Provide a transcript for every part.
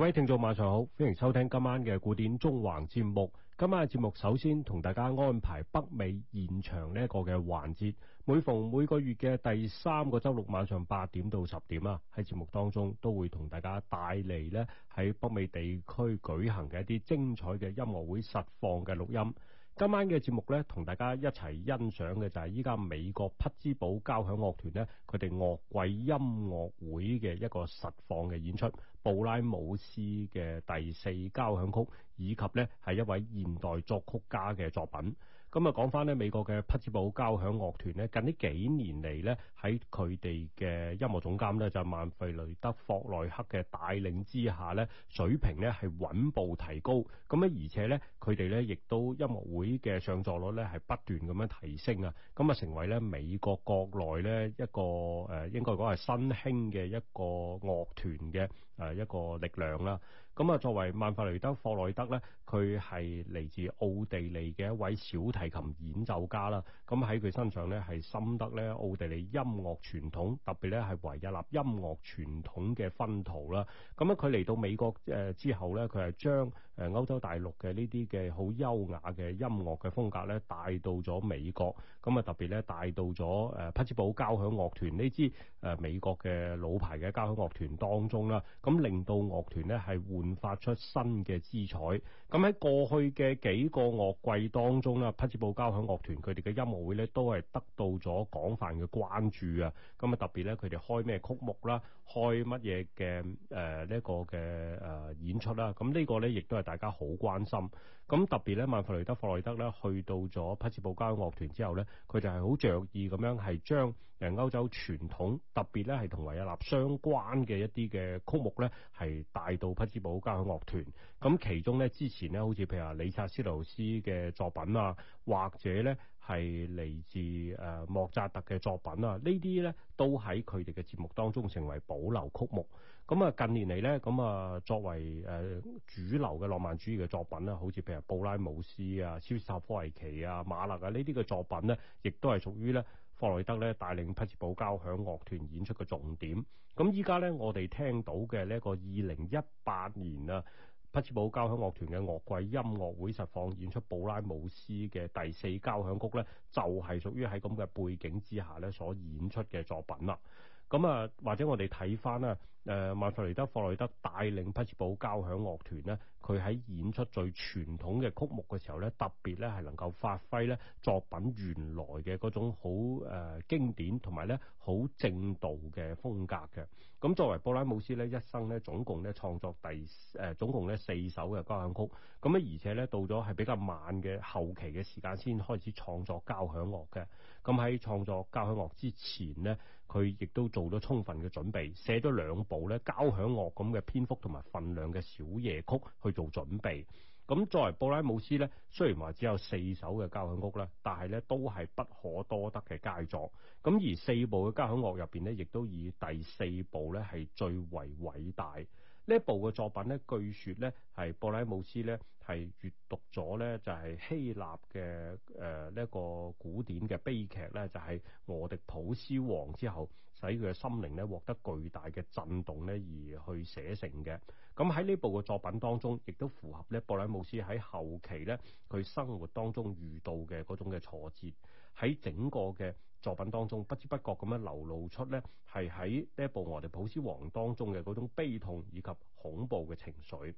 各位聽眾晚上好，歡迎收聽今晚嘅古典縱橫節目。今晚嘅節目首先同大家安排北美現場呢一個嘅環節，每逢每個月嘅第三個周六晚上八點到十點啊，喺節目當中都會同大家帶嚟咧喺北美地區舉行嘅一啲精彩嘅音樂會實況嘅錄音。今晚嘅節目咧，同大家一齊欣賞嘅就係依家美國匹茲堡交響樂團咧，佢哋樂季音樂會嘅一個實況嘅演出。布拉姆斯嘅第四交響曲，以及咧係一位現代作曲家嘅作品。咁啊，講翻咧美國嘅匹茲堡交響樂團咧，近呢幾年嚟咧喺佢哋嘅音樂總監咧就曼弗雷德霍內克嘅帶領之下咧，水平咧係穩步提高，咁啊而且咧佢哋咧亦都音樂會嘅上座率咧係不斷咁樣提升啊，咁啊成為咧美國國內咧一個誒應該講係新興嘅一個樂團嘅誒一個力量啦。咁啊，作為曼弗雷德霍內德咧，佢係嚟自奧地利嘅一位小提琴演奏家啦。咁喺佢身上咧，係深得咧奧地利音樂傳統，特別咧係維也納音樂傳統嘅熏陶啦。咁啊，佢嚟到美國誒之後咧，佢係將，誒歐洲大陸嘅呢啲嘅好優雅嘅音樂嘅風格咧，帶到咗美國，咁啊特別咧帶到咗誒匹茲堡交響樂團呢支誒美國嘅老牌嘅交響樂團當中啦，咁令到樂團咧係煥發出新嘅姿彩。咁喺過去嘅幾個樂季當中啦，匹茲堡交響樂團佢哋嘅音樂會咧都係得到咗廣泛嘅關注啊！咁啊特別咧佢哋開咩曲目啦，開乜嘢嘅誒呢一個嘅誒演出啦，咁、這、呢個咧亦都係。大家好關心，咁特別咧，曼弗雷德、霍內克咧，去到咗匹茲堡交響樂團之後咧，佢就係好着意咁樣係將誒歐洲傳統，特別咧係同維也納相關嘅一啲嘅曲目咧，係帶到匹茲堡交響樂團。咁其中咧，之前咧，好似譬如話，理察斯勞斯嘅作品啊，或者咧。係嚟自誒莫扎特嘅作品啊，呢啲咧都喺佢哋嘅節目當中成為保留曲目。咁啊近年嚟咧，咁啊作為誒主流嘅浪漫主義嘅作品啦，好似譬如布拉姆斯啊、肖斯塔科維奇啊、馬勒啊呢啲嘅作品咧，亦都係屬於咧霍內克咧帶領匹茲堡交響樂團演出嘅重點。咁依家咧我哋聽到嘅呢一個二零一八年啊。匹茲堡交響樂團嘅樂季音樂會實況演出布拉姆斯嘅第四交響曲咧，就係屬於喺咁嘅背景之下咧所演出嘅作品啦。咁啊，或者我哋睇翻啦。誒、呃，曼弗雷德、霍內克帶領匹茲堡交響樂團咧，佢喺演出最傳統嘅曲目嘅時候咧，特別咧係能夠發揮咧作品原來嘅嗰種好誒、呃、經典同埋咧好正道嘅風格嘅。咁、嗯、作為布拉姆斯咧，一生咧總共咧創作第四誒、呃、總共咧四首嘅交響曲，咁、嗯、咧而且咧到咗係比較晚嘅後期嘅時間先開始創作交響樂嘅。咁喺創作交響樂之前咧，佢亦都做咗充分嘅準備，寫咗兩。部咧交響樂咁嘅篇幅同埋份量嘅小夜曲去做準備。咁作為布拉姆斯咧，雖然話只有四首嘅交響曲咧，但係咧都係不可多得嘅佳作。咁而四部嘅交響樂入邊咧，亦都以第四部咧係最為偉大。呢部嘅作品咧，據説咧係布拉姆斯咧係閲讀咗咧就係希臘嘅誒呢一個古典嘅悲劇咧、就是，就係俄狄浦斯王之後，使佢嘅心靈咧獲得巨大嘅震動咧，而去寫成嘅。咁喺呢部嘅作品當中，亦都符合咧布拉姆斯喺後期咧佢生活當中遇到嘅嗰種嘅挫折。喺整個嘅作品當中，不知不覺咁樣流露出咧，係喺呢一部俄狄浦斯王當中嘅嗰種悲痛以及恐怖嘅情緒。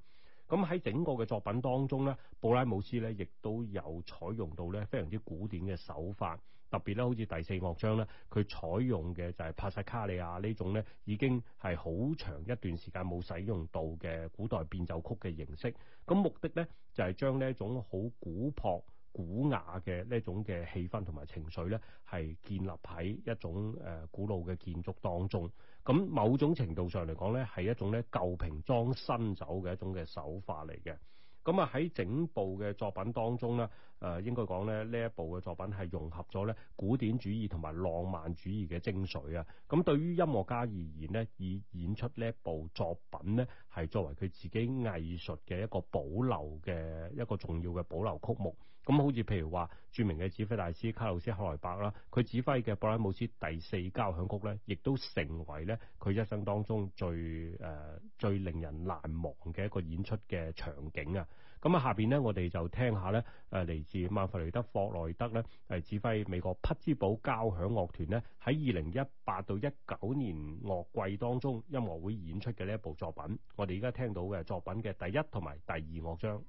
咁喺整個嘅作品當中咧，布拉姆斯咧亦都有採用到咧非常之古典嘅手法，特別咧好似第四樂章咧，佢採用嘅就係帕薩卡里亞呢種咧已經係好長一段時間冇使用到嘅古代變奏曲嘅形式。咁目的咧就係將呢一種好古樸、古雅嘅呢種嘅氣氛同埋情緒呢，係建立喺一種誒古老嘅建築當中。咁某種程度上嚟講呢，係一種咧舊瓶裝新酒嘅一種嘅手法嚟嘅。咁啊喺整部嘅作品當中呢，誒應該講咧呢一部嘅作品係融合咗咧古典主義同埋浪漫主義嘅精髓啊。咁對於音樂家而言呢，以演出呢一部作品呢，係作為佢自己藝術嘅一個保留嘅一個重要嘅保留曲目。咁好似譬如話，著名嘅指揮大師卡洛斯克萊伯啦，佢指揮嘅布拉姆斯第四交響曲咧，亦都成為咧佢一生當中最誒、呃、最令人難忘嘅一個演出嘅場景啊！咁啊，下邊呢，我哋就聽下咧誒嚟自曼弗雷德霍內克咧，係指揮美國匹茲堡交響樂團呢，喺二零一八到一九年樂季當中音樂會演出嘅呢一部作品，我哋而家聽到嘅作品嘅第一同埋第二樂章。